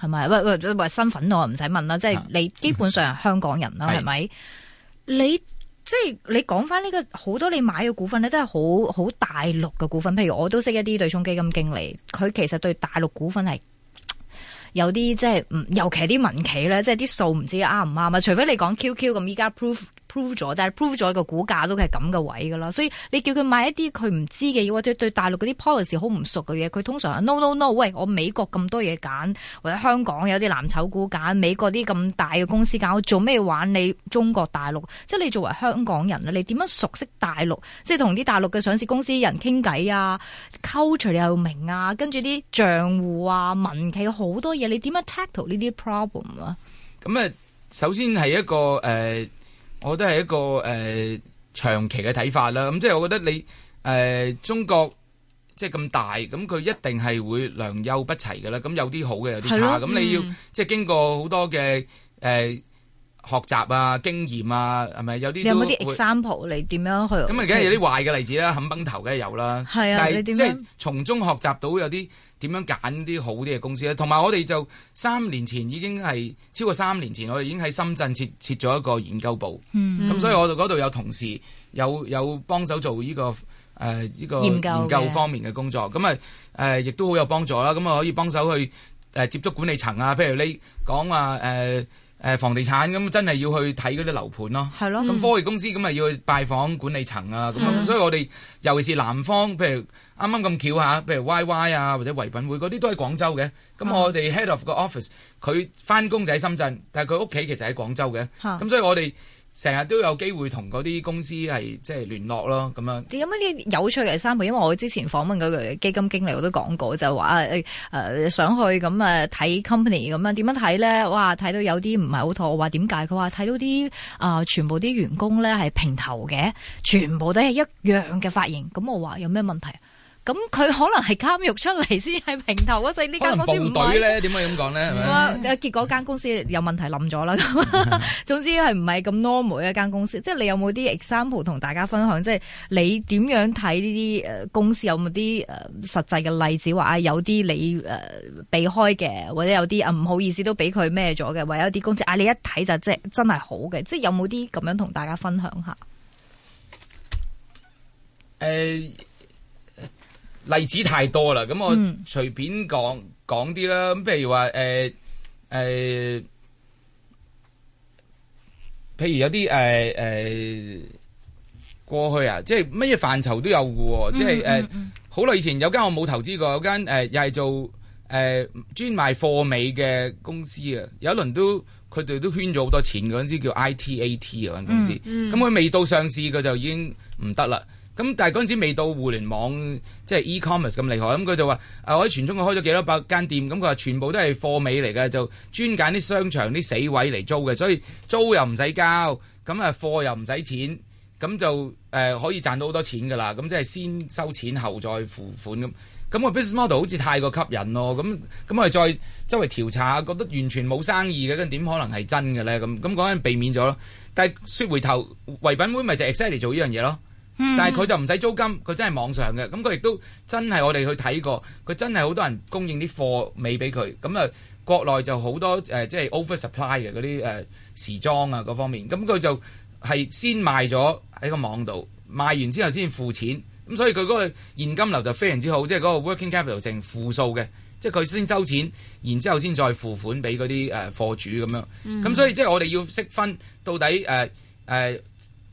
係咪？喂，喂喂，身份我唔使問啦。即係你基本上係香港人啦，係咪？你即係你講翻呢個好多你買嘅股份咧，都係好好大陸嘅股份。譬如我都識一啲對沖基金經理，佢其實對大陸股份係有啲即係，尤其啲民企咧，即係啲數唔知啱唔啱啊？除非你講 QQ 咁，依家 proof。prove 咗，但係 prove 咗個股價都係咁嘅位噶啦，所以你叫佢買一啲佢唔知嘅嘢，或者對大陸嗰啲 policy 好唔熟嘅嘢，佢通常 no no no，喂，我美國咁多嘢揀，或者香港有啲藍籌股揀，美國啲咁大嘅公司揀，我做咩玩你中國大陸？即係你作為香港人啊，你點樣熟悉大陸？即係同啲大陸嘅上市公司人傾偈啊，culture 你又明啊，跟住啲賬戶啊、民企好多嘢，你點樣 tackle 呢啲 problem 啊？咁啊，首先係一個誒。呃我都係一個誒、呃、長期嘅睇法啦，咁即係我覺得你誒、呃、中國即係咁大，咁佢一定係會良莠不齊㗎啦，咁有啲好嘅，有啲差，咁的你要、嗯、即係經過好多嘅誒。呃學習啊，經驗啊，係咪有啲有冇啲 example 你點樣去？咁啊，而家有啲壞嘅例子啦，冚崩頭梗係有啦。係啊，但是即係從中學習到有啲點樣揀啲好啲嘅公司咧。同埋我哋就三年前已經係超過三年前，我哋已經喺深圳設設咗一個研究部。咁、嗯嗯、所以我哋嗰度有同事有有幫手做呢、這個誒呢、呃這個研究方面嘅工作。咁啊誒，亦都好有幫助啦。咁啊可以幫手去誒接觸管理層啊，譬如你講話誒。呃嗯誒房地產咁真係要去睇嗰啲樓盤咯，咁咯科技公司咁咪要去拜訪管理層啊，咁的所以我哋尤其是南方，譬如啱啱咁巧下，譬如 YY 啊或者唯品會嗰啲都喺廣州嘅，咁我哋 head of 個 office 佢翻工就喺深圳，但係佢屋企其實喺廣州嘅，咁的所以我哋。成日都有機會同嗰啲公司係即係聯絡咯，咁樣。你有乜嘢有趣嘅三步？因為我之前訪問嗰個基金經理，我都講過就話誒誒想去咁誒睇 company 咁樣點樣睇咧？哇，睇到有啲唔係好妥。我話點解？佢話睇到啲啊、呃，全部啲員工咧係平頭嘅，全部都係一樣嘅髮型。咁我話有咩問題？咁佢可能係監獄出嚟先係平頭啊！所以呢間公司唔對咧，點解咁講咧？唔啊，結果間公司有問題冧咗啦。 總之係唔係咁 normal 一間公司？即係你有冇啲 example 同大家分享？即係你點樣睇呢啲誒公司有冇啲誒實際嘅例子？話啊有啲你誒避開嘅，或者有啲啊唔好意思都俾佢咩咗嘅，或者有啲公司啊你一睇就即係真係好嘅，即係有冇啲咁樣同大家分享下？誒。欸例子太多啦，咁我隨便講講啲啦。咁譬、嗯、如話誒誒，譬、呃呃、如有啲誒誒，過去啊，即係乜嘢範疇都有嘅。即係誒，好耐以前有間我冇投資過，有間誒、呃、又係做誒專、呃、賣貨尾嘅公司啊。有一輪都佢哋都圈咗好多錢，嗰時叫 ITAT 嘅嗰間公司。咁佢、嗯嗯嗯、未到上市，佢就已經唔得啦。咁但係嗰陣時未到互聯網即係 e-commerce 咁厲害，咁佢就話：啊、呃，我喺全中國開咗幾多百間店，咁佢話全部都係貨尾嚟嘅，就專揀啲商場啲死位嚟租嘅，所以租又唔使交，咁啊貨又唔使錢，咁就誒、呃、可以賺到好多錢㗎啦。咁即係先收錢後再付款咁。咁、咁個 business model 好似太過吸引咯，咁咁我哋再周圍調查下，覺得完全冇生意嘅，跟點可能係真嘅咧？咁咁嗰陣避免咗咯。但係説回頭，唯品會咪就 exactly 做呢樣嘢咯。但係佢就唔使租金，佢真係網上嘅，咁佢亦都真係我哋去睇過，佢真係好多人供應啲貨尾俾佢，咁啊國內就好多誒，即、呃、係、就是、over supply 嘅嗰啲誒時裝啊嗰方面，咁佢就係先賣咗喺個網度，賣完之後先付錢，咁所以佢嗰個現金流就非常之好，即係嗰個 working capital 淨負數嘅，即係佢先收錢，然之後先再付款俾嗰啲誒貨主咁樣，咁、嗯、所以即係、就是、我哋要識分到底誒誒。呃呃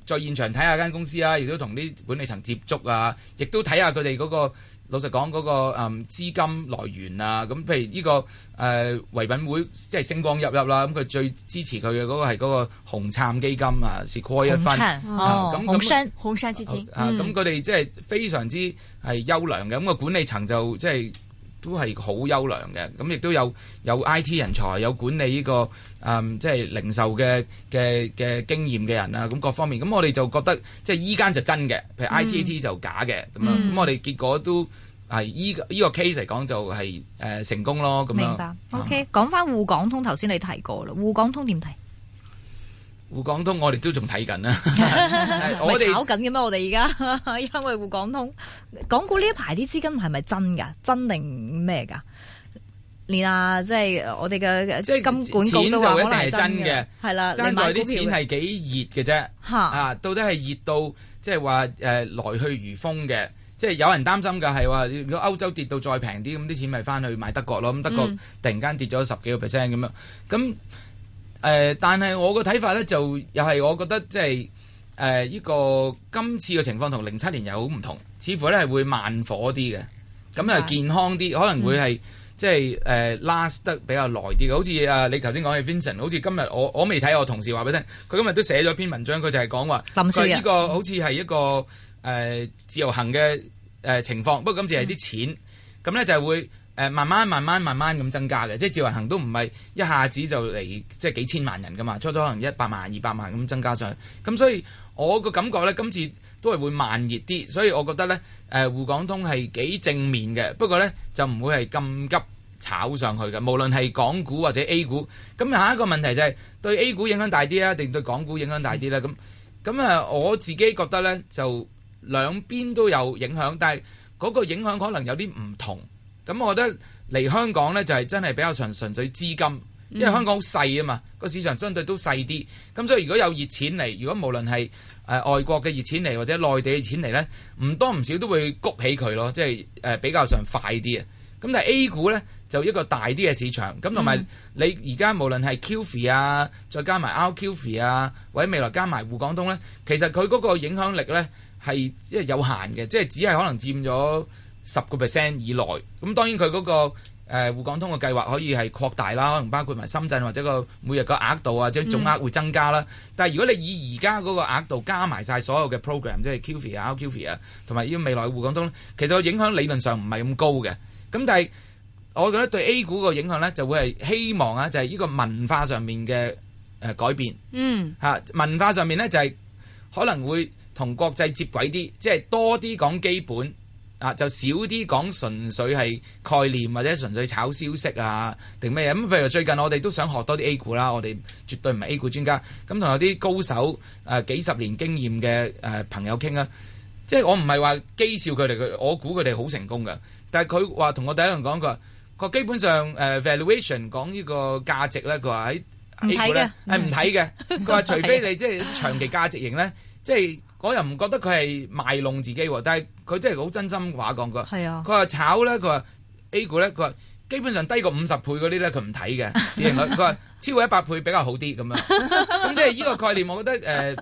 在現場睇下間公司啊，亦都同啲管理層接觸啊，亦都睇下佢哋嗰個老實講嗰、那個誒、嗯、資金來源啊。咁、嗯、譬如呢、這個誒、呃、唯品會即係星光熠熠啦，咁佢最支持佢嘅嗰個係嗰個紅杉基金啊，Sequoia Fund。紅杉哦，杉、嗯、紅杉基金啊，咁佢哋即係非常之係優良嘅，咁個管理層就即、是、係。都係好優良嘅，咁、嗯、亦都有有 I T 人才，有管理呢、呢個誒、呃，即係零售嘅嘅嘅經驗嘅人啊，咁各方面，咁我哋就覺得即係依間就真嘅，譬如 I T A T 就假嘅，咁、嗯、樣，咁我哋結果都係依依個 case 嚟講就係誒成功咯，咁樣、嗯，明白，OK，講返滬港通，頭先你提過啦，滬港通點提？滬港通我哋都仲睇緊啊，我哋炒緊嘅咩？我哋而家因為滬港通，港股呢一排啲資金係咪真噶？真定咩噶？連啊，即係我哋嘅即係金管局，就一定係真嘅，係啦。現在啲錢係幾熱嘅啫，啊？到底係熱到即係話誒來去如風嘅？即係有人擔心嘅係話，如果歐洲跌到再平啲，咁啲錢咪翻去買德國咯？咁德國突然間跌咗十幾個 percent 咁樣，咁。嗯誒、呃，但係我個睇法咧，就又係我覺得即係誒呢個今次嘅情況同零七年又好唔同，似乎咧係會慢火啲嘅，咁啊健康啲，的可能會係、嗯、即係誒 last 得比較耐啲嘅，好似啊你頭先講起 Vincent，好似今日我我未睇我同事話俾你聽，佢今日都寫咗篇文章，佢就係講話，林少仁呢個好似係一個誒、呃、自由行嘅誒、呃、情況，不過今次係啲錢，咁咧、嗯、就會。誒，慢慢、慢慢、慢慢咁增加嘅，即係自由行都唔係一下子就嚟，即係幾千萬人㗎嘛。初初可能一百萬、二百萬咁增加上去。咁所以我個感覺呢，今次都係會慢熱啲。所以我覺得呢，誒、呃，滬港通係幾正面嘅，不過呢，就唔會係咁急炒上去嘅。無論係港股或者 A 股，咁下一個問題就係、是、對 A 股影響大啲啊，定對港股影響大啲呢？咁咁啊，我自己覺得呢，就兩邊都有影響，但係嗰個影響可能有啲唔同。咁我覺得嚟香港咧就係、是、真係比較純純粹資金，因為香港好細啊嘛，個市場相對都細啲。咁所以如果有熱錢嚟，如果無論係誒外國嘅熱錢嚟，或者內地嘅熱錢嚟咧，唔多唔少都會谷起佢咯，即係誒比較上快啲啊。咁但係 A 股咧就一個大啲嘅市場，咁同埋你而家無論係 QFII 啊，再加埋 RQFII 啊，或者未來加埋滬港通咧，其實佢嗰個影響力咧係即係有限嘅，即係只係可能佔咗。十個 percent 以內，咁當然佢嗰、那個誒、呃、滬港通嘅計劃可以係擴大啦，可能包括埋深圳或者個每日個額度啊，將總額會增加啦。嗯、但係如果你以而家嗰個額度加埋晒所有嘅 program，即係 QFII 啊、RQFII 啊，同埋呢個未來滬港通其實個影響理論上唔係咁高嘅。咁但係我覺得對 A 股個影響咧，就會係希望啊，就係、是、呢個文化上面嘅誒、呃、改變。嗯，嚇、啊、文化上面咧就係、是、可能會同國際接軌啲，即、就、係、是、多啲講基本。啊！就少啲講純粹係概念或者純粹炒消息啊，定咩嘢咁？譬如最近我哋都想學多啲 A 股啦，我哋絕對唔係 A 股專家，咁同有啲高手誒、呃、幾十年經驗嘅誒、呃、朋友傾啊，即係我唔係話譏笑佢哋，我估佢哋好成功嘅。但係佢話同我第一樣講，佢話個基本上誒、呃、valuation 講呢個價值咧，佢話喺 A 股咧係唔睇嘅。佢話 除非你即係 長期價值型咧，即係。我又唔覺得佢係賣弄自己喎，但係佢真係好真心話講句，佢話係、啊、炒咧，佢話 A 股咧，佢話基本上低過五十倍嗰啲咧，佢唔睇嘅，只係佢佢話超過一百倍比較好啲咁樣。咁即係呢個概念，我覺得誒、呃，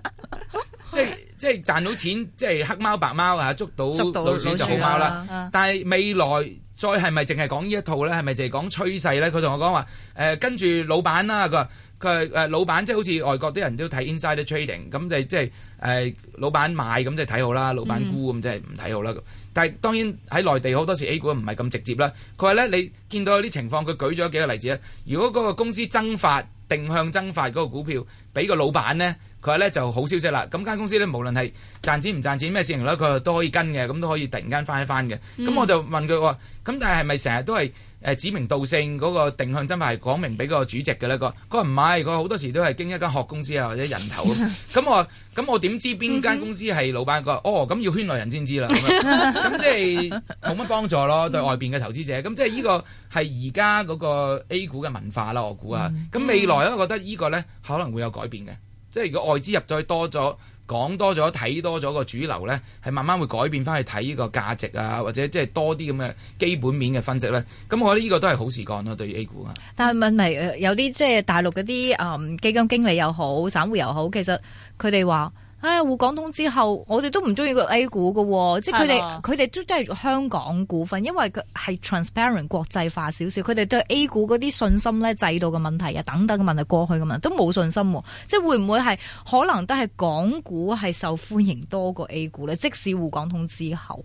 即係即係賺到錢，即係黑貓白貓啊，捉到老鼠就好貓啦。啊、但係未來再係咪淨係講呢一套咧？係咪淨係講趨勢咧？佢同我講話誒，跟住老闆啦、啊，佢話。佢係誒，老闆，即係好似外國啲人都睇 inside trading，咁就即係誒，老闆買咁就睇好啦，老闆沽咁就唔睇好啦。Mm hmm. 但係當然喺內地好多時 A 股唔係咁直接啦。佢話咧，你見到有啲情況，佢舉咗幾個例子咧。如果嗰個公司增發定向增發嗰個股票。俾個老闆咧，佢話咧就好消息啦。咁間公司咧，無論係賺錢唔賺錢，咩事情咧，佢都可以跟嘅，咁都可以突然間翻一翻嘅。咁、嗯、我就問佢話：咁但係係咪成日都係誒指名道姓嗰個定向增發係講明俾個主席嘅咧？個佢話唔係，佢好多時都係經一間殼公司啊，或者人頭咁。 我咁我點知邊間公司係老闆？佢話：哦，咁要圈內人先知啦。咁即係冇乜幫助咯，對外邊嘅投資者。咁即係呢個係而家嗰個 A 股嘅文化啦。我估啊，咁、嗯嗯、未來我覺得個呢個咧可能會有改。變嘅，即係如果外資入再多咗，講多咗，睇多咗個主流咧，係慢慢會改變翻去睇呢個價值啊，或者即係多啲咁嘅基本面嘅分析咧、啊。咁、嗯、我覺得呢個都係好事幹咯、啊，對於 A 股啊。但係問題有啲即係大陸嗰啲誒基金經理又好，散戶又好，其實佢哋話。唉，滬港通之後，我哋都唔中意個 A 股嘅、哦，即係佢哋佢哋都都係香港股份，因為佢係 transparent 國際化少少，佢哋對 A 股嗰啲信心咧、制度嘅問題啊、等等嘅問題過去嘅問題都冇信心、哦，即係會唔會係可能都係港股係受歡迎多過 A 股咧？即使滬港通之後，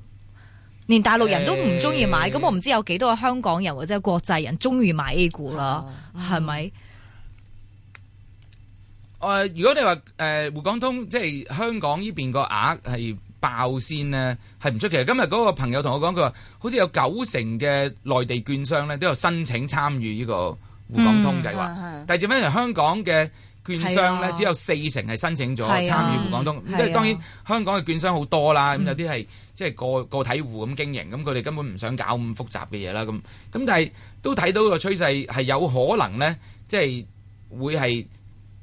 連大陸人都唔中意買，咁、欸、我唔知有幾多個香港人或者係國際人中意買 A 股啦？係咪、哦？嗯誒，如果你話誒，滬港通即係香港呢邊個額係爆先呢，係唔出奇。今日嗰個朋友同我講，佢話好似有九成嘅內地券商咧都有申請參與呢個滬港通計劃。但係接翻香港嘅券商咧，只有四成係申請咗參與滬港通。即係當然香港嘅券商好多啦，咁有啲係即係個個體戶咁經營，咁佢哋根本唔想搞咁複雜嘅嘢啦。咁咁但係都睇到個趨勢係有可能咧，即係會係。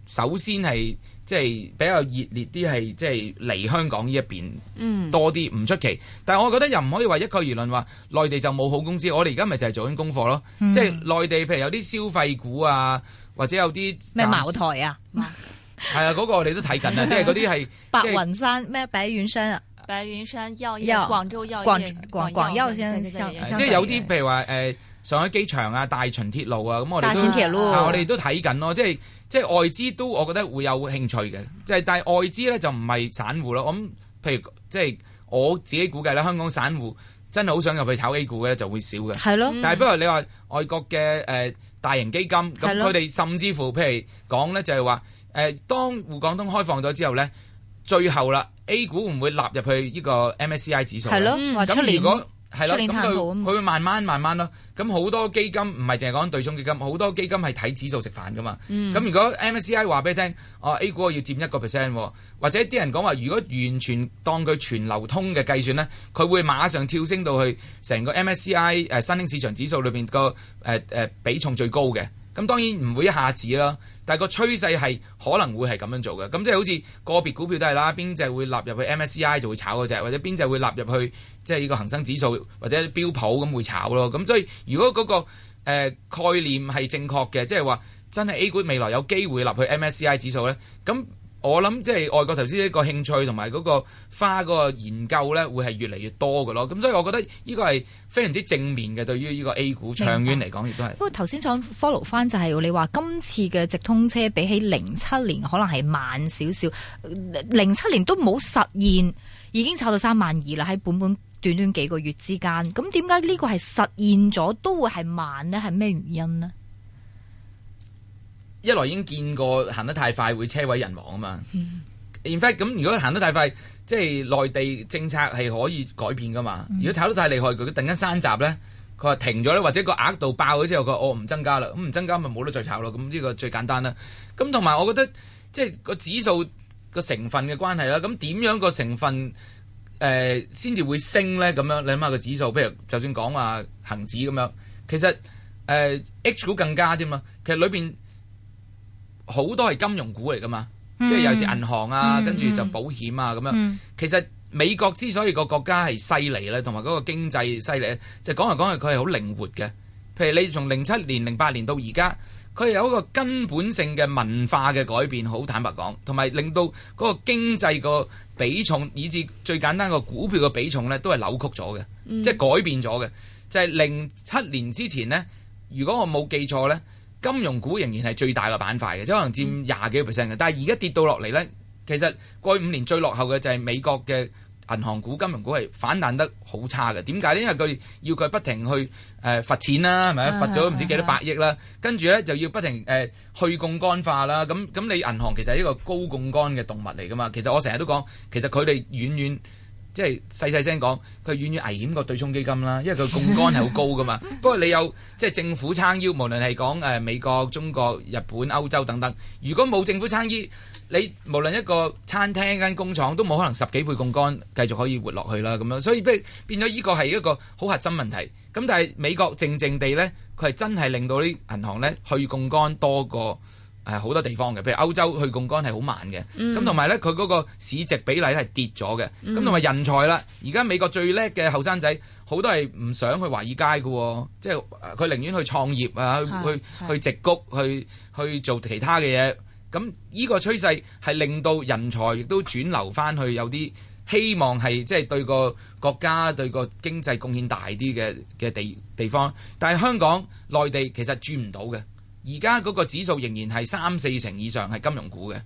首先係即係比較熱烈啲，係即係嚟香港呢一邊多啲，唔出奇。但係我覺得又唔可以話一概而論話內地就冇好公司。我哋而家咪就係做緊功課咯，即係內地譬如有啲消費股啊，或者有啲咩茅台啊，係啊嗰個我哋都睇緊啊，即係嗰啲係白雲山咩？白雲山啊，白雲山藥業、廣州藥業、廣廣廣州藥業，即係有啲譬如話誒上海機場啊、大秦鐵路啊，咁我哋都我哋都睇緊咯，即係。即係外資都，我覺得會有興趣嘅。即係但係外資咧就唔係散戶咯。咁譬如即係我自己估計咧，香港散戶真係好想入去炒 A 股嘅咧就會少嘅。係咯的。但係不如你話外國嘅誒、呃、大型基金咁，佢哋的甚至乎譬如講咧就係話誒，當滬港通開放咗之後咧，最後啦 A 股會唔會納入去呢個 MSCI 指數？係咯，話、嗯、出嚟。係咯，咁佢佢會慢慢慢慢咯。咁好多基金唔係淨係講對沖基金，好多基金係睇指數食飯㗎嘛。咁、嗯、如果 MSCI 話俾你聽，哦 A 股我要佔一個 percent，或者啲人講話，如果完全當佢全流通嘅計算咧，佢會馬上跳升到去成個 MSCI 誒、呃、新興市場指數裏邊個誒誒比重最高嘅。咁當然唔會一下子咯。但係個趨勢係可能會係咁樣做嘅，咁即係好似個別股票都係啦，邊隻會納入去 MSCI 就會炒嗰隻，或者邊隻會納入去即係呢個恆生指數或者標普咁會炒咯。咁所以如果嗰個呃概念係正確嘅，即係話真係 A 股未來有機會納入去 MSCI 指數咧，咁。我諗即係外國投資一個興趣同埋嗰個花嗰個研究咧，會係越嚟越多噶咯。咁所以我覺得呢個係非常之正面嘅，對於呢個 A 股長遠嚟講，亦都係。不過頭先想 follow 翻就係你話今次嘅直通車比起零七年可能係慢少少，零七年都冇實現，已經炒到三萬二啦。喺本本短，短短幾個月之間，咁點解呢個係實現咗都會係慢呢？係咩原因呢？一來已經見過行得太快會車毀人亡啊嘛。嗯、in fact 咁，如果行得太快，即係內地政策係可以改變噶嘛。嗯、如果炒得太厲害，佢突然間閂閘咧，佢話停咗咧，或者個額度爆咗之後，佢話我唔增加啦，咁唔增加咪冇得再炒咯。咁、這、呢個最簡單啦。咁同埋我覺得即係個指數個成分嘅關係啦。咁點樣個成分誒先至會升咧？咁樣你諗下個指數，譬如就算講話恒指咁樣，其實誒、呃、H 股更加啫嘛。其實裏邊。好多係金融股嚟噶嘛，即係有時銀行啊，嗯、跟住就保險啊咁、嗯、樣。其實美國之所以個國家係犀利咧，同埋嗰個經濟犀利，就講嚟講去佢係好靈活嘅。譬如你從零七年、零八年到而家，佢係有一個根本性嘅文化嘅改變，好坦白講，同埋令到嗰個經濟個比重，以至最簡單個股票嘅比重咧，都係扭曲咗嘅，即係、嗯、改變咗嘅。就係零七年之前咧，如果我冇記錯咧。金融股仍然係最大嘅板塊嘅，即可能佔廿幾 percent 嘅。但係而家跌到落嚟咧，其實過去五年最落後嘅就係美國嘅銀行股、金融股係反彈得好差嘅。點解咧？因為佢要佢不停去誒罰、呃、錢啦，係咪啊？罰咗唔知幾多百億啦，跟住咧就要不停誒、呃、去共幹化啦。咁咁你銀行其實係一個高槓桿嘅動物嚟㗎嘛。其實我成日都講，其實佢哋遠遠。即係細細聲講，佢遠遠危險過對沖基金啦，因為佢槓桿係好高噶嘛。 不過你有即係政府撐腰，無論係講誒美國、中國、日本、歐洲等等。如果冇政府撐腰，你無論一個餐廳、間工廠都冇可能十幾倍槓桿繼續可以活落去啦。咁樣所以變變咗呢個係一個好核心問題。咁但係美國靜靜地呢，佢係真係令到啲銀行呢去槓桿多過係好多地方嘅，譬如歐洲去槓桿係好慢嘅，咁同埋咧佢嗰個市值比例咧係跌咗嘅，咁同埋人才啦。而家美國最叻嘅後生仔好多係唔想去華爾街嘅，即係佢寧願去創業啊，去去去矽谷去去做其他嘅嘢。咁呢個趨勢係令到人才亦都轉流翻去有啲希望係即係對個國家對個經濟貢獻大啲嘅嘅地地方，但係香港內地其實轉唔到嘅。而家嗰個指數仍然係三四成以上係金融股嘅，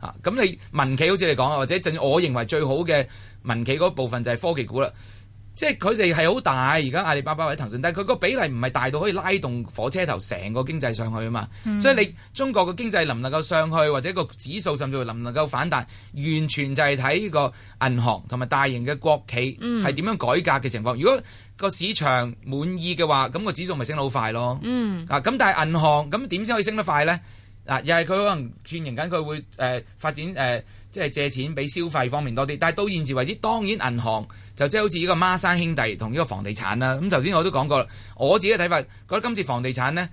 嚇、啊、咁你民企好似你講啊，或者正我認為最好嘅民企嗰部分就係科技股啦。即係佢哋係好大，而家阿里巴巴或者騰訊，但係佢個比例唔係大到可以拉動火車頭成個經濟上去啊嘛。嗯、所以你中國嘅經濟能唔能夠上去，或者個指數甚至乎能唔能夠反彈，完全就係睇呢個銀行同埋大型嘅國企係點樣改革嘅情況。嗯、如果個市場滿意嘅話，咁個指數咪升得好快咯。嗯、啊，咁但係銀行咁點先可以升得快咧？嗱、啊，又係佢可能轉型緊，佢會誒、呃、發展誒、呃、即係借錢俾消費方面多啲。但係到現時為止，當然銀行。就即係好似呢個孖生兄弟同呢個房地產啦，咁頭先我都講過啦，我自己嘅睇法覺得今次房地產呢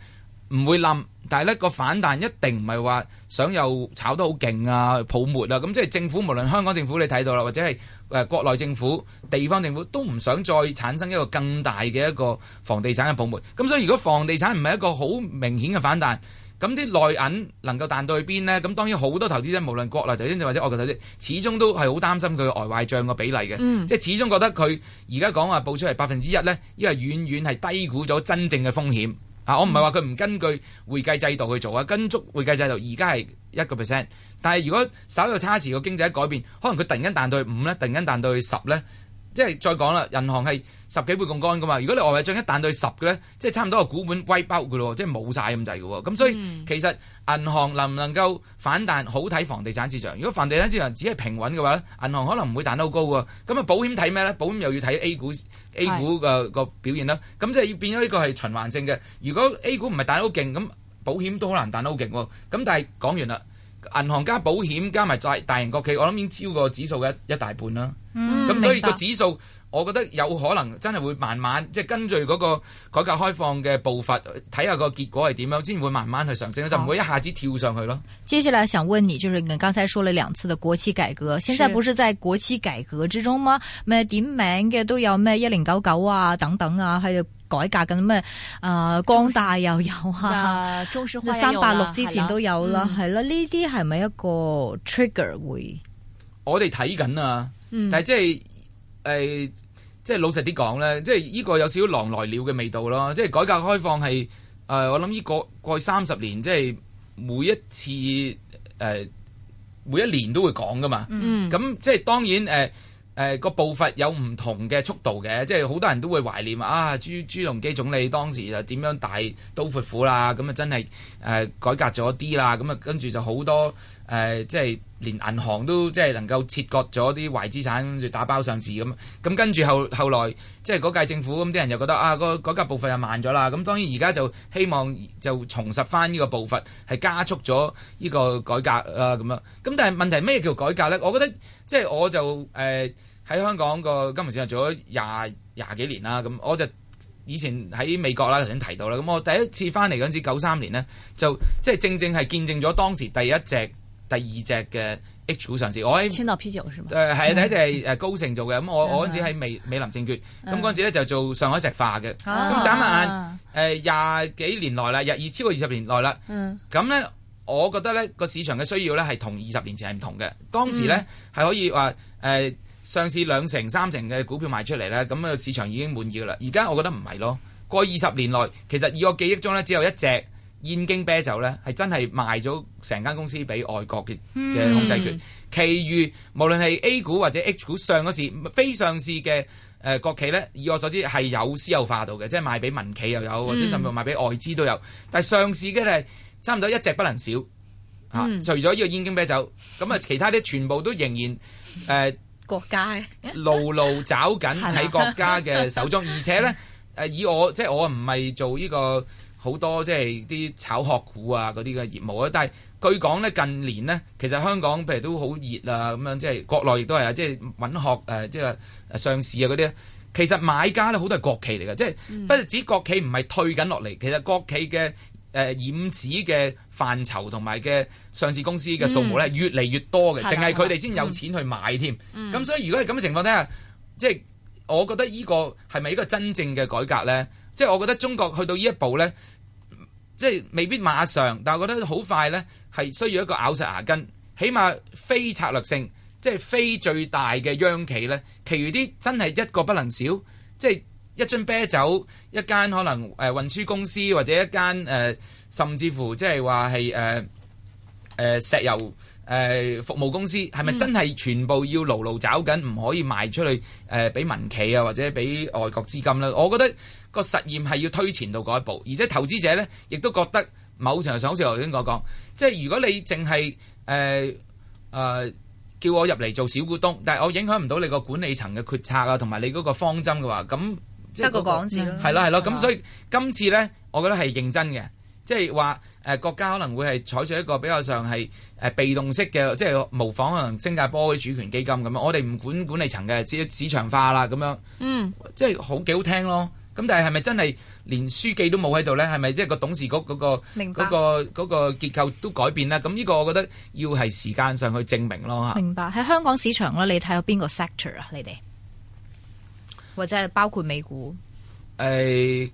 唔會冧，但係呢個反彈一定唔係話想又炒得好勁啊泡沫啊，咁即係政府無論香港政府你睇到啦，或者係誒國內政府、地方政府都唔想再產生一個更大嘅一個房地產嘅泡沫，咁所以如果房地產唔係一個好明顯嘅反彈。咁啲內銀能夠彈到去邊咧？咁當然好多投資者無論國內投先，或者外國投資，始終都係好擔心佢呆壞賬個比例嘅，即係、嗯、始終覺得佢而家講話報出嚟百分之一咧，因為遠遠係低估咗真正嘅風險。啊、嗯，我唔係話佢唔根據會計制度去做啊，跟足會計制度，而家係一個 percent，但係如果稍有差池，個經濟一改變，可能佢突然間彈到去五咧，突然間彈到去十咧。即係再講啦，銀行係十幾倍槓桿噶嘛，如果你外匯帳一彈到十嘅咧，即係差唔多個股本 wipe out 噶咯，即係冇晒咁滯嘅喎。咁所以、嗯、其實銀行能唔能夠反彈，好睇房地產市場。如果房地產市場只係平穩嘅話咧，銀行可能唔會彈得好高喎。咁啊，保險睇咩咧？保險又要睇 A 股是 A 股嘅個表現啦。咁即係要變咗呢個係循環性嘅。如果 A 股唔係彈得好勁，咁保險都可能彈得好勁喎。咁但係講完啦。銀行加保險加埋再大型國企，我諗已經超過指數嘅一大半啦。咁、嗯、所以個指數，我覺得有可能真係會慢慢，白即係根據嗰個改革開放嘅步伐，睇下個結果係點樣，先會慢慢去上升，就唔會一下子跳上去咯。哦、接下來想問你，就是你剛才說了兩次嘅國企改革，現在不是在國企改革之中嗎？咩是點名嘅都有咩一零九九啊，等等啊，還有。改革緊咩？誒、呃，光大又有啊，啊中有啊三八六之前都有啦，啊，係咯的，呢啲係咪一個 trigger、嗯、會？我哋睇緊啊，但係即係誒、即、呃、係、就是、老實啲講咧，即係呢個有少少狼來了嘅味道咯。即、就、係、是、改革開放係誒、呃，我諗呢個過去三十年，即係每一次誒、呃，每一年都會講噶嘛。嗯，咁即係當然誒。呃誒個、呃、步伐有唔同嘅速度嘅，即係好多人都會懷念啊！朱朱鎔基總理當時就點樣大刀闊斧啦，咁啊真係誒、呃、改革咗啲啦，咁啊跟住就好多。誒、呃，即係連銀行都即係能夠切割咗啲壞資產，跟住打包上市咁。咁跟住後後來，即係嗰屆政府，咁啲人又覺得啊，個改革步伐又慢咗啦。咁當然而家就希望就重拾翻呢個步伐，係加速咗呢個改革啊咁樣。咁但係問題咩叫改革呢？我覺得即係我就誒喺、呃、香港個金融市場做咗廿廿幾年啦。咁我就以前喺美國啦，頭先提到啦。咁我第一次翻嚟嗰陣時，九三年呢，就即係正正係見證咗當時第一隻。第二隻嘅 H 股上市，我喺青島啤酒、呃，係嘛？誒係啊，第一隻係誒高盛做嘅。咁 我我嗰陣時喺美美林證券，咁嗰陣時咧就做上海石化嘅。咁 眨眼誒，廿、呃、幾年內啦，日二超過二十年內啦。咁咧， 我覺得咧個市場嘅需要咧係同二十年前係唔同嘅。當時咧係可以話誒、呃，上市兩成三成嘅股票賣出嚟咧，咁個市場已經滿意噶啦。而家我覺得唔係咯。過二十年內，其實以我記憶中咧，只有一隻，燕京啤酒咧，係真係賣咗成間公司俾外國嘅嘅控制權。嗯、其餘無論係 A 股或者 H 股，上市非上市嘅誒、呃、國企咧，以我所知係有私有化到嘅，即係賣俾民企又有，或者甚至賣俾外資都有。但係上市嘅咧，差唔多一隻不能少嚇。啊嗯、除咗呢個燕京啤酒，咁啊其他啲全部都仍然誒、呃、國家嘅、啊，牢牢找緊喺國家嘅手中。 而且咧誒，以我即係我唔係做呢、這個。好多即係啲炒殼股啊嗰啲嘅業務啊，但係據講咧近年咧，其實香港譬如都好熱啊咁樣，即係國內亦都係啊，即係揾殼即係、呃就是、上市啊嗰啲。其實買家咧好多係國企嚟嘅，即、就、係、是、不止國企唔係退緊落嚟，嗯、其實國企嘅誒、呃、染指嘅範疇同埋嘅上市公司嘅數目咧越嚟越多嘅，淨係佢哋先有錢去買添。咁、嗯、所以如果係咁嘅情況底下，即、就、係、是、我覺得呢個係咪一個真正嘅改革咧？即、就、係、是、我覺得中國去到呢一步咧。即係未必馬上，但係我覺得好快呢，係需要一個咬實牙根。起碼非策略性，即係非最大嘅央企呢，其餘啲真係一個不能少。即係一樽啤酒，一間可能誒運輸公司，或者一間誒、呃，甚至乎即係話係誒石油誒、呃、服務公司，係咪真係全部要牢牢抓緊，唔可以賣出去誒俾、呃、民企啊，或者俾外國資金咧？我覺得。個實驗係要推前到嗰一步，而且投資者咧亦都覺得某程度上好似頭先講講，即係如果你淨係誒誒叫我入嚟做小股東，但係我影響唔到你個管理層嘅決策啊，同埋你嗰個方針嘅話，咁、嗰個、得個講字咯，係啦係啦，咁的所以今次咧，我覺得係認真嘅，即係話誒國家可能會係採取一個比較上係誒被動式嘅，即係模仿可能新加坡嘅主權基金咁樣，我哋唔管，管管理層嘅，市場化啦咁樣，樣嗯，即係好幾好聽咯。咁但係係咪真係連書記都冇喺度咧？係咪即係個董事局嗰個、明白、嗰個嗰個結構都改變啦？咁呢個我覺得要係時間上去證明咯。明白喺香港市場咧，你睇有邊個 sector 啊？你哋或者係包括美股。誒、哎。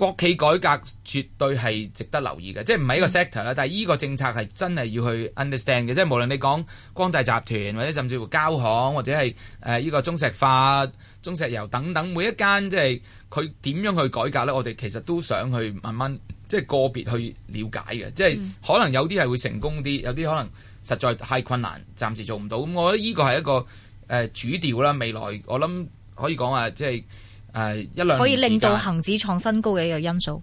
國企改革絕對係值得留意嘅，即係唔係一個 sector 啦，嗯、但係依個政策係真係要去 understand 嘅，即係無論你講光大集團或者甚至乎交行或者係誒依個中石化、中石油等等每一間，即係佢點樣去改革呢？我哋其實都想去慢慢即係個別去了解嘅，即係、嗯、可能有啲係會成功啲，有啲可能實在太困難，暫時做唔到。咁我覺得呢個係一個誒、呃、主調啦。未來我諗可以講啊，即係。誒一兩可以令到恒指創新高嘅一個因素。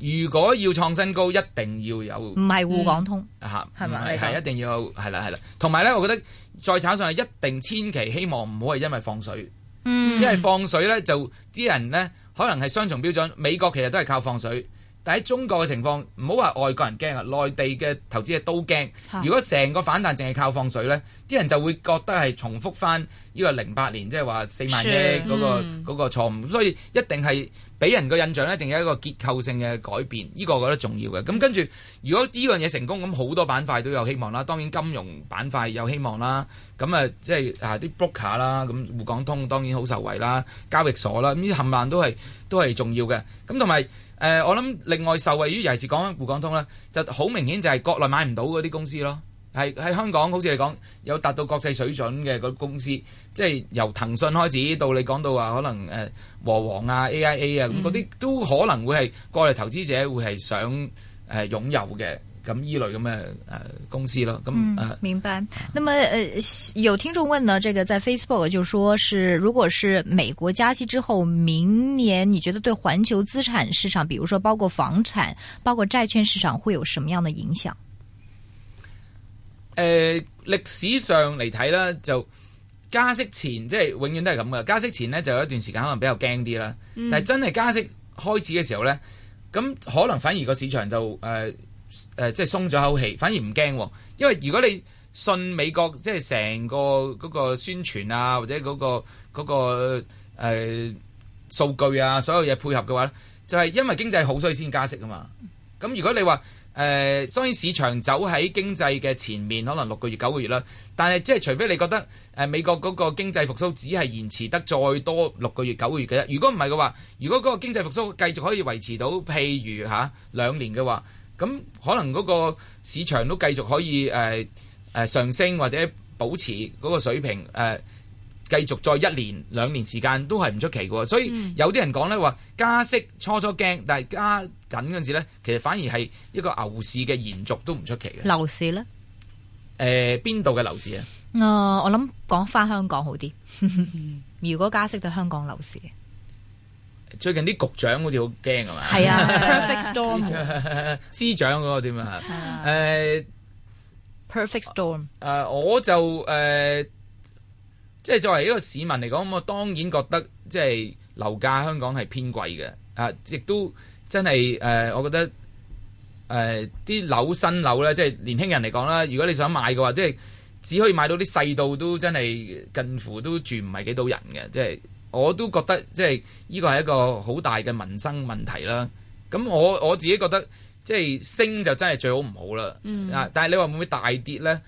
如果要創新高，一定要有唔係滬港通嚇，係嘛？係一定要係啦，係啦。同埋咧，我覺得再炒上去一定千祈希望唔好係因為放水，嗯、因為放水咧就啲人咧可能係雙重標準。美國其實都係靠放水。但喺中國嘅情況，唔好話外國人驚啊，內地嘅投資者都驚。如果成個反彈淨係靠放水咧，啲人就會覺得係重複翻呢個零八年，即係話四萬億嗰、嗰個嗰個錯誤。所以一定係俾人個印象，一定有一個結構性嘅改變。呢、呢個我覺得重要嘅。咁跟住，如果呢樣嘢成功，咁好多板塊都有希望啦。當然金融板塊有希望啦。咁啊、即係，即係啊啲 broker 啦，咁滬港通當然好受惠啦，交易所啦，呢啲冚唪唥都係都係重要嘅。咁同埋。誒、呃，我諗另外受惠於尤其是講滬港通啦，就好明顯就係國內買唔到嗰啲公司咯，係喺香港好似嚟講有達到國際水準嘅公司，即係由騰訊開始到你講到話可能誒、呃，和黃啊 AIA 啊咁嗰啲，都可能會係過嚟投資者會係想誒、呃、擁有嘅。咁依類咁嘅誒公司咯，咁誒、嗯、明白。那麼誒、呃、有聽眾問呢，這個在 Facebook 就說是，如果是美國加息之後，明年你覺得對環球資產市場，比如說包括房產、包括債券市場，會有什麼樣的影響？誒、呃，歷史上嚟睇啦，就加息前即係永遠都係咁嘅。加息前呢，就有一段時間可能比較驚啲啦，嗯、但係真係加息開始嘅時候呢，咁可能反而個市場就誒。呃誒、呃、即係鬆咗口氣，反而唔驚、哦，因為如果你信美國即係成個嗰個宣傳啊，或者嗰、嗰個嗰、嗰個誒數、呃、據啊，所有嘢配合嘅話咧，就係、是、因為經濟好所以先加息啊嘛。咁如果你話誒，所、呃、以市場走喺經濟嘅前面，可能六個月、九個月啦。但係即係除非你覺得誒、呃、美國嗰個經濟復甦只係延遲得再多六個月、九個月嘅啫。如果唔係嘅話，如果嗰個經濟復甦繼續可以維持到，譬如吓兩、啊、年嘅話。咁可能嗰個市場都繼續可以誒誒、呃呃、上升或者保持嗰個水平誒、呃，繼續再一年兩年時間都係唔出奇嘅喎。所以、嗯、有啲人講咧話，加息初初驚，但係加緊嗰陣時咧，其實反而係一個牛市嘅延續都唔出奇嘅。樓市咧？誒邊度嘅樓市啊？啊、呃，我諗講返香港好啲。 如果加息對香港樓市？最近啲局長好似好驚㗎嘛！係啊 ，Perfect Storm。 司長嗰個點樣？誒，Perfect Storm。誒、呃，我就誒、呃，即係作為一個市民嚟講，我當然覺得即係樓價香港係偏貴嘅。啊，亦都真係誒、呃，我覺得誒啲樓新樓咧，即係年輕人嚟講啦，如果你想買嘅話，即係只可以買到啲細度，都真係近乎都住唔係幾到人嘅，即係。我都覺得即係呢個係一個好大嘅民生問題啦。咁我我自己覺得即係升就真係最好唔好啦。啊、嗯！但係你話會唔會大跌咧？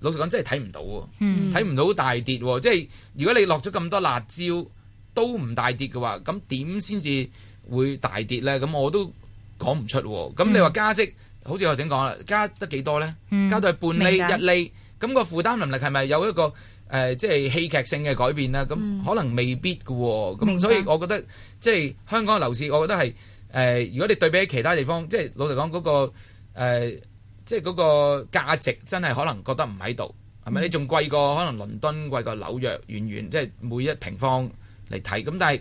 老實講真係睇唔到喎、啊，睇唔、嗯、到大跌喎、啊。即係如果你落咗咁多辣椒都唔大跌嘅話，咁點先至會大跌咧？咁我都講唔出喎、啊。咁你話加息，嗯、好似我頭先講啦，加得幾多咧？嗯、加到係半厘、一厘，咁、那個負擔能力係咪有一個？誒、呃，即係戲劇性嘅改變啦，咁、嗯、可能未必嘅喎、哦，咁、嗯嗯、所以我覺得即係香港嘅樓市，我覺得係誒、呃，如果你對比起其他地方，即係老實講嗰、那個、呃、即係嗰個價值真係可能覺得唔喺度，係咪？嗯、你仲貴過可能倫敦貴過紐約，遠遠即係每一平方嚟睇，咁但係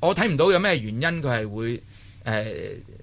我睇唔到有咩原因佢係會誒、呃、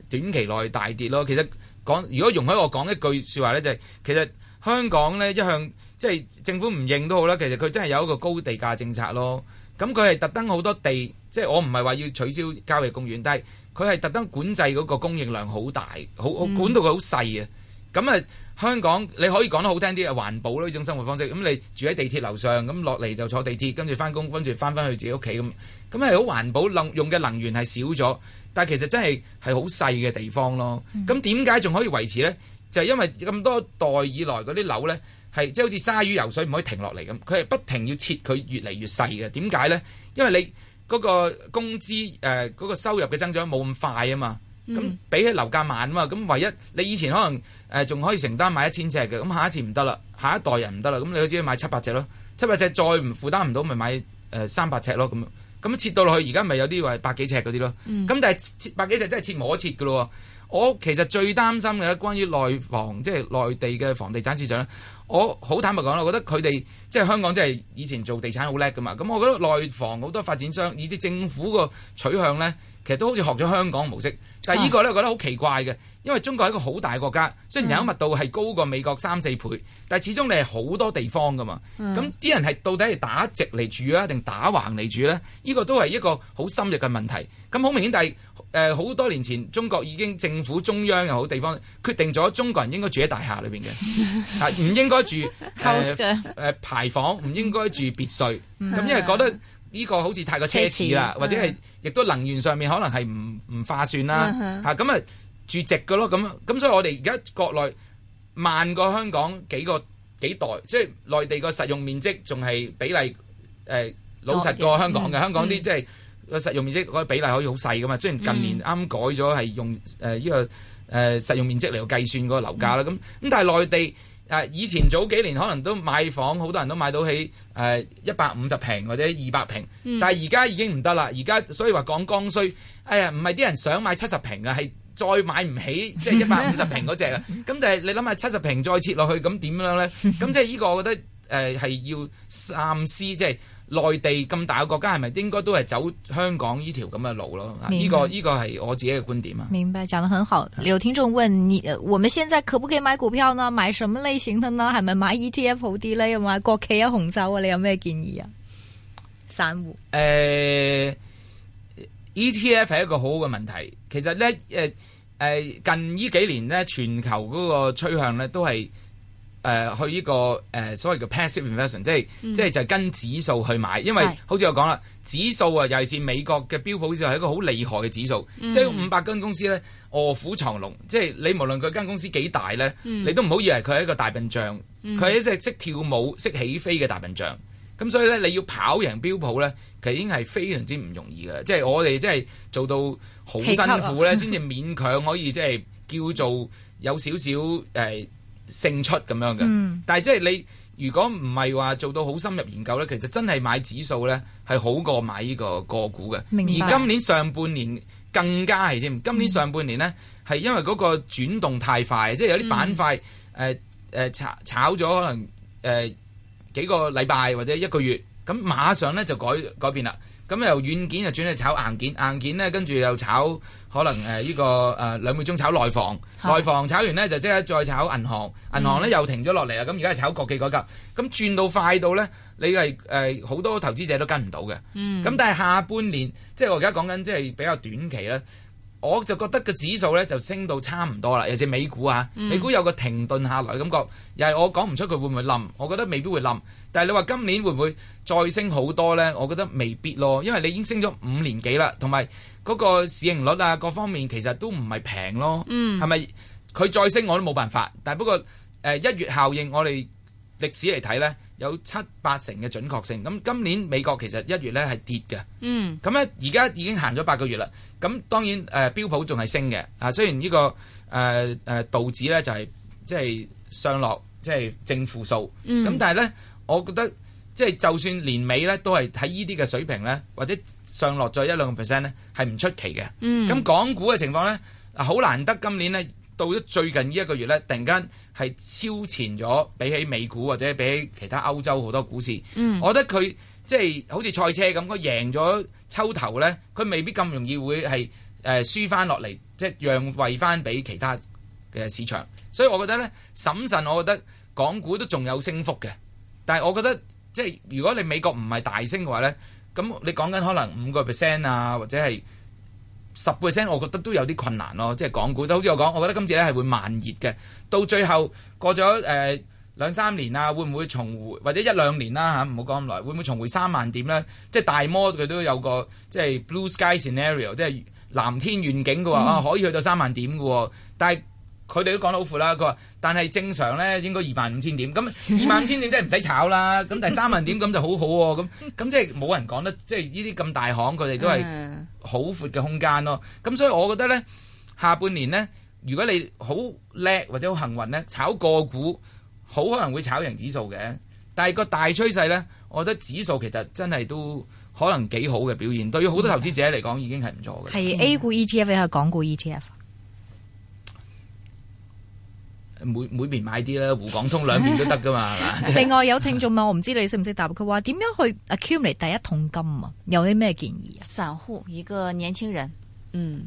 短期內大跌咯。其實講，如果容許我講一句説話咧，就係、是、其實香港咧一向。即係政府唔認都好啦，其實佢真係有一個高地價政策咯。咁佢係特登好多地，即係我唔係話要取消郊野公園，但係佢係特登管制嗰個供應量好大，好好管到佢好細啊。咁啊、嗯，香港你可以講得好聽啲啊，環保咯，呢種生活方式。咁、嗯、你住喺地鐵樓上，咁落嚟就坐地鐵，跟住返工，跟住返返去自己屋企咁，咁係好環保，能用嘅能源係少咗。但係其實真係係好細嘅地方咯。咁點解仲可以維持咧？就係、是、因為咁多代以來嗰啲樓咧。係即係好似鯊魚游水，唔可以停落嚟咁。佢係不停要切越越，佢越嚟越細嘅。點解咧？因為你嗰個工資誒嗰、呃那個收入嘅增長冇咁快啊嘛。咁、嗯、比起樓價慢啊嘛。咁唯一你以前可能誒仲、呃、可以承擔買一千尺嘅，咁下一次唔得啦，下一代人唔得啦，咁你只要以買七百尺咯。七百尺再唔負擔唔到，咪買誒三百尺咯。咁咁切到落去，而家咪有啲話百幾尺嗰啲咯。咁但係百幾尺真係切無可切嘅咯。我其實最擔心嘅咧，關於內房即係、就是、內地嘅房地產市場咧。我好坦白講啦，我覺得佢哋即係香港，即係以前做地產好叻噶嘛。咁我覺得內房好多發展商，以至政府個取向咧，其實都好似學咗香港模式。但係呢個咧，嗯、我覺得好奇怪嘅，因為中國係一個好大國家，雖然人口密度係高過美國三四倍，但係始終你係好多地方噶嘛。咁啲人係到底係打直嚟住啊，定打橫嚟住咧？呢、呢個都係一個好深入嘅問題。咁好明顯但，但係。誒好、呃、多年前，中國已經政府中央又好地方決定咗，中國人應該住喺大廈裏邊嘅。啊唔 應該住誒誒、呃、House of 排房，唔應該住別墅。咁、 嗯、因為覺得呢個好似太過奢侈啦，侈或者係亦、嗯、都能源上面可能係唔唔劃算啦，嚇咁、嗯、啊住直嘅咯，咁咁所以我哋而家國內萬個香港幾個幾代，即係內地個實用面積仲係比例誒、呃、老實過香港嘅，香港啲、嗯嗯、即係。即個實用面積嗰個比例可以好細㗎嘛？雖然近年啱改咗係用誒呢、呃這個誒、呃、實用面積嚟到計算嗰個樓價啦。咁咁、嗯、但係內地誒、呃、以前早幾年可能都買房好多人都買到起誒一百五十平或者二百平，嗯、但係而家已經唔得啦。而家所以話講剛需，哎呀唔係啲人想買七十平啊，係再買唔起即係一百五十平嗰隻啊。咁 但係你諗下七十平再切落去咁點樣咧？咁即係呢個我覺得誒係、呃、要三思，即、就、係、是。內地咁大嘅國家係咪應該都係走香港呢條咁嘅路咯？呢個、這個呢、這個係我自己嘅觀點啊。明白，講得很好。有聽眾問你：你我們現在可不可以買股票呢？買什麼類型的呢？係咪買 ETF 好啲呢？有冇買國企啊、紅籌啊？你有咩建議啊？散戶，誒、呃、，ETF 係一個好好嘅問題。其實咧，誒、呃、誒、呃，近呢幾年咧，全球嗰個趨向咧都係。誒、呃、去呢個誒、呃、所謂嘅 passive investment，即係、嗯、即係就係跟指數去買，因為是好似我講啦，指數啊，尤其是美國嘅標普，好似係一個好厲害嘅指數，嗯、即係五百間公司咧，卧虎藏龍，即係你無論佢間公司幾大咧，嗯、你都唔好以為佢係一個大笨象，佢係、嗯、一隻識跳舞、識起飛嘅大笨象。咁所以咧，你要跑贏標普咧，其實已經係非常之唔容易㗎喇，即係我哋即係做到好辛苦咧，先至勉強可以即係叫做有少少誒、呃呃勝出咁樣嘅，嗯、但係即係你如果唔係話做到好深入研究咧，其實真係買指數咧係好過買呢個個股嘅。白而今年上半年更加係添，今年上半年咧係因為嗰個轉動太快，嗯、即係有啲板塊誒誒、呃呃、炒炒咗可能誒、呃、幾個禮拜或者一個月，咁馬上咧就改改變啦。咁由軟件就轉去炒硬件，硬件咧跟住又炒可能誒依、呃這個誒兩秒鐘炒內房，內、啊、房炒完咧就即刻再炒銀行，銀行咧、嗯、又停咗落嚟啦。咁而家係炒國企改革，咁轉到快到咧，你係誒好多投資者都跟唔到嘅。咁、嗯、但係下半年，即係我而家講緊即係比較短期咧。我就覺得個指數咧就升到差唔多啦，尤其是美股啊，美股、嗯、有個停頓下來感覺，又係我講唔出佢會唔會冧，我覺得未必會冧。但係你話今年會唔會再升好多咧？我覺得未必咯，因為你已經升咗五年幾啦，同埋嗰個市盈率啊各方面其實都唔係平咯，係咪佢再升我都冇辦法。但係不過誒一、呃、月效應我哋。歷史嚟睇咧，有七八成嘅準確性。咁今年美國其實一月咧係跌嘅，咁咧而家已經行咗八個月啦。咁當然誒、呃、標普仲係升嘅，啊雖然呢、呢個誒誒、呃呃、道指咧就係即係上落即係、就是就是、正負數，咁、嗯、但係咧，我覺得即係、就是、就算年尾咧都係喺呢啲嘅水平咧，或者上落再一兩個 percent 咧係唔出奇嘅。咁、嗯、港股嘅情況咧，好難得今年咧。到咗最近呢一個月咧，突然間係超前咗，比起美股或者比起其他歐洲好多股市，嗯、我覺得佢即係好似賽車咁，佢贏咗抽頭咧，佢未必咁容易會係誒、呃、輸翻落嚟，即、就、係、是、讓位翻俾其他嘅市場。所以我覺得咧，審慎，我覺得港股都仲有升幅嘅。但係我覺得即係、就是、如果你美國唔係大升嘅話咧，咁你講緊可能五個 percent 啊，或者係。十 percent 我覺得都有啲困難咯，即係港股就好似我講，我覺得今次咧係會慢熱嘅。到最後過咗誒兩三年啊，會唔會重回或者一兩年啦、啊、嚇？唔好講咁耐，會唔會重回三萬點咧？即係大摩佢都有個即係 blue sky scenario，即係藍天願景嘅話啊，嗯、可以去到三萬點嘅喎，但係。佢哋都講得好闊啦，佢話：但係正常咧，應該二萬五千點，咁二萬五千點即係唔使炒啦。咁 第三萬點咁就好好、啊、喎。咁咁即係冇人講得，即係呢啲咁大行，佢哋都係好闊嘅空間咯、啊。咁所以我覺得咧，下半年咧，如果你好叻或者好幸運咧，炒個股好可能會炒贏指數嘅。但係個大趨勢咧，我覺得指數其實真係都可能幾好嘅表現，對於好多投資者嚟講已經係唔錯嘅。係 A 股 ETF 係港股 ETF。每每邊買啲啦，滬港通兩邊都得噶嘛。另外有聽眾問我，唔知你識唔識答佢，話點樣去 accumulate 第一桶金啊？有啲咩建議？散戶一個年輕人，嗯，誒、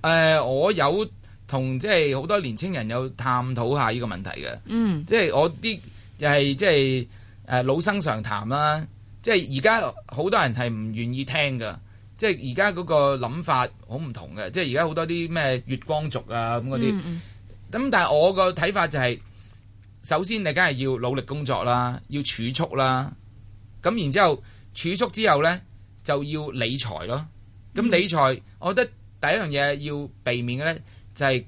呃，我有同即係好多年輕人有探討下呢個問題嘅。嗯，即係我啲又係即係誒老生常談啦、啊，即係而家好多人係唔願意聽噶，即係而家嗰個諗法好唔同嘅，即係而家好多啲咩月光族啊咁嗰啲。嗯嗯咁但係我個睇法就係、是，首先你梗係要努力工作啦，要儲蓄啦，咁然之後儲蓄之後呢，就要理財咯。咁理財，嗯、我覺得第一樣嘢要避免嘅呢，就係、是、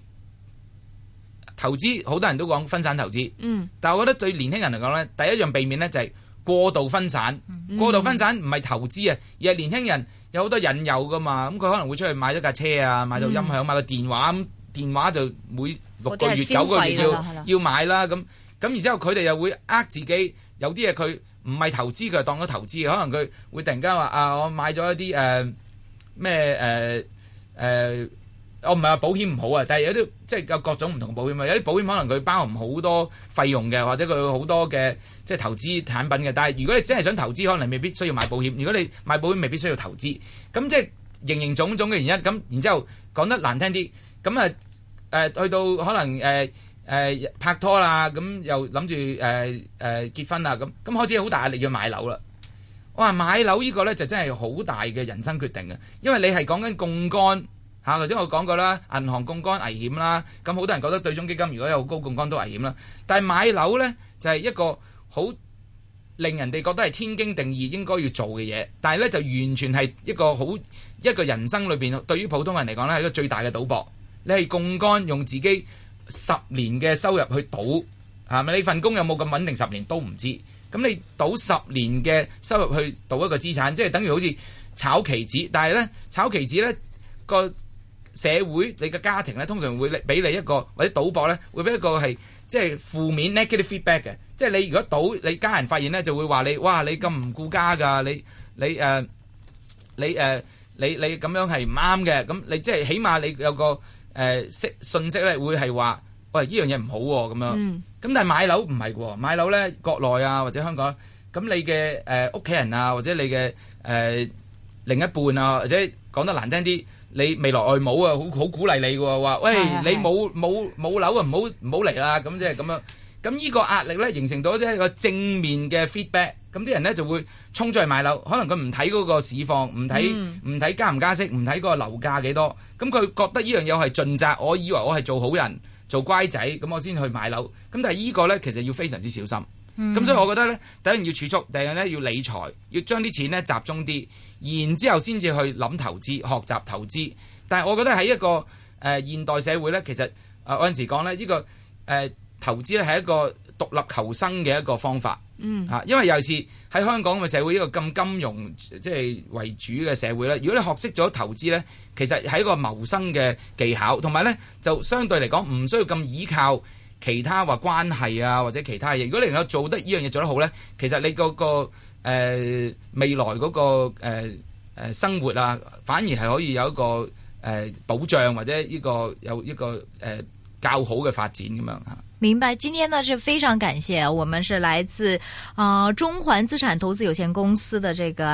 投資。好多人都講分散投資，嗯、但係我覺得對年輕人嚟講呢，第一樣避免呢，就係過度分散。過度分散唔係投資啊，嗯、而係年輕人有好多引誘㗎嘛。咁佢可能會出去買咗架車啊，買套音響，買個電話，咁電話就每六個月九個月要的要買啦，咁咁然之後佢哋又會呃自己，有啲嘢佢唔係投資，佢當咗投資，可能佢會突然間話啊，我買咗一啲誒咩誒誒，我唔係話保險唔好啊，但係有啲即係有各種唔同保險嘛，有啲保險可能佢包含好多費用嘅，或者佢好多嘅即係投資產品嘅，但係如果你真係想投資，可能未必需要買保險；如果你買保險，未必需要投資。咁即係形形種種嘅原因。咁然之後講得難聽啲，咁啊。誒去到可能誒誒、呃呃、拍拖啦，咁又諗住誒誒結婚啦，咁咁開始好大壓力要買樓啦。我話買樓依個咧就真係好大嘅人生決定嘅，因為你係講緊槓桿嚇，頭、啊、先我講過啦，銀行槓桿危險啦。咁好多人覺得對沖基金如果有高槓桿都危險啦。但係買樓呢，就係、是、一個好令人哋覺得係天經地義應該要做嘅嘢，但係呢，就完全係一個好一個人生裏邊對於普通人嚟講呢，係一個最大嘅賭博。你係槓桿用自己十年嘅收入去賭，係咪？你份工有冇咁穩定十年都唔知，咁你賭十年嘅收入去賭一個資產，即係等於好似炒期指。但係咧，炒期指咧，個社會你嘅家庭咧通常會俾你一個或者賭博咧會俾一個係即係負面 negative feedback 嘅。即係你如果賭，你家人發現咧就會話你：哇，你咁唔顧家㗎！你你誒你誒你你咁樣係唔啱嘅。咁你即係起碼你有個。誒息、呃、信息咧會係話，喂依樣嘢唔好喎、啊，咁樣。咁、嗯、但係買樓唔係喎，買樓咧國內啊或者香港，咁你嘅誒屋企人啊或者你嘅誒、呃、另一半啊或者講得難聽啲，你未來外母啊好好鼓勵你嘅話、啊，喂、啊、你冇冇冇樓啊，唔好唔好嚟啦，咁即係咁樣。咁依個壓力咧形成到即係一個正面嘅 feedback。咁啲人咧就會衝出去買樓，可能佢唔睇嗰個市況，唔睇唔睇加唔加息，唔睇嗰個樓價幾多，咁佢覺得呢樣嘢係盡責。我以為我係做好人、做乖仔，咁我先去買樓。咁但係呢個咧其實要非常之小心。咁、嗯、所以我覺得咧，第一樣要儲蓄，第二樣咧要理財，要將啲錢咧集中啲，然之後先至去諗投資、學習投資。但係我覺得喺一個誒、呃、現代社會咧，其實陣、呃、時講咧，呢、這個誒、呃、投資咧係一個。獨立求生嘅一個方法，嚇、嗯啊，因為尤其是喺香港嘅社會，一個咁金融即係、就是、為主嘅社會咧。如果你學識咗投資咧，其實係一個謀生嘅技巧，同埋咧就相對嚟講唔需要咁依靠其他或關係啊，或者其他嘢。如果你能夠做得依樣嘢做得好咧，其實你、嗰個個、呃、未來嗰、嗰個誒、呃、生活啊，反而係可以有一個誒、呃、保障或者依、依個有依個誒。呃較好嘅發展咁樣吓，明白。今天呢是非常感謝，我們是來自啊中環資產投資有限公司的這個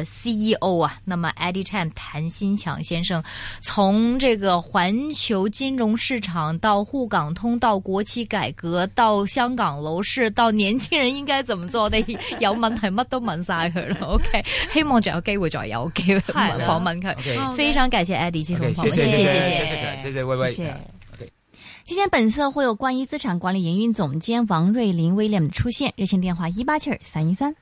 CEO 啊，那麼 Eddie Chan 譚新強先生，從這個環球金融市場到滬港通到國企改革，到香港樓市，到年輕人應該怎麼做，你有問題乜都問晒佢啦。OK，希望仲有機會再有機會訪問佢。非常感謝 Eddie 先生，謝謝，謝謝，謝謝微微。期間，本次會有關於資產管理營運總監王瑞林威廉的出現，熱線電話一八七二三一三。